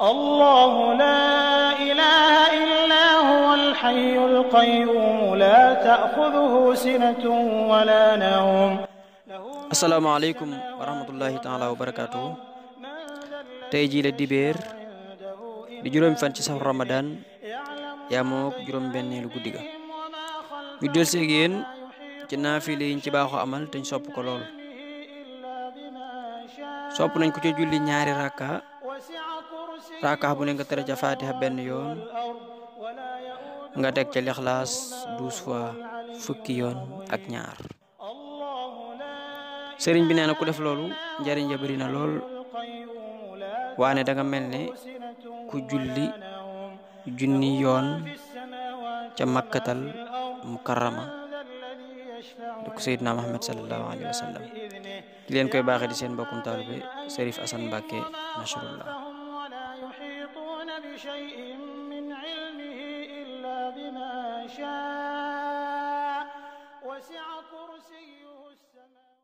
الله لا إله إلا هو الحي القيوم لا تأخذه سنة ولا نوم السلام عليكم ورحمة الله تعالى وبركاته تيجي jii la dibeer di juróom fan ci safar ramadan yamook juróom benneelu guddi ga ñu del si ak ci naafile yiñ ci baxu amal te ñu sopp ko lol sopp nañ ko ci julli ñaari rakka raakax bu ne nga tëra ca fatiha benn yoon nga teg ca lixlaas douze fois fukki yoon ak ñaar sëriñ bi nee na ku def loolu njariñ ja na lool waane danga mel ne ku julli junni yoon ca makkatal mukarrama di ko seydina Muhammad sallallahu alayhi wa ki leen koy baaxee di seen mbokkum taalibe Serif Assane Mbacke Nasrullah يحيطون بشيء من علمه إلا بما شاء وسع كرسيه السماء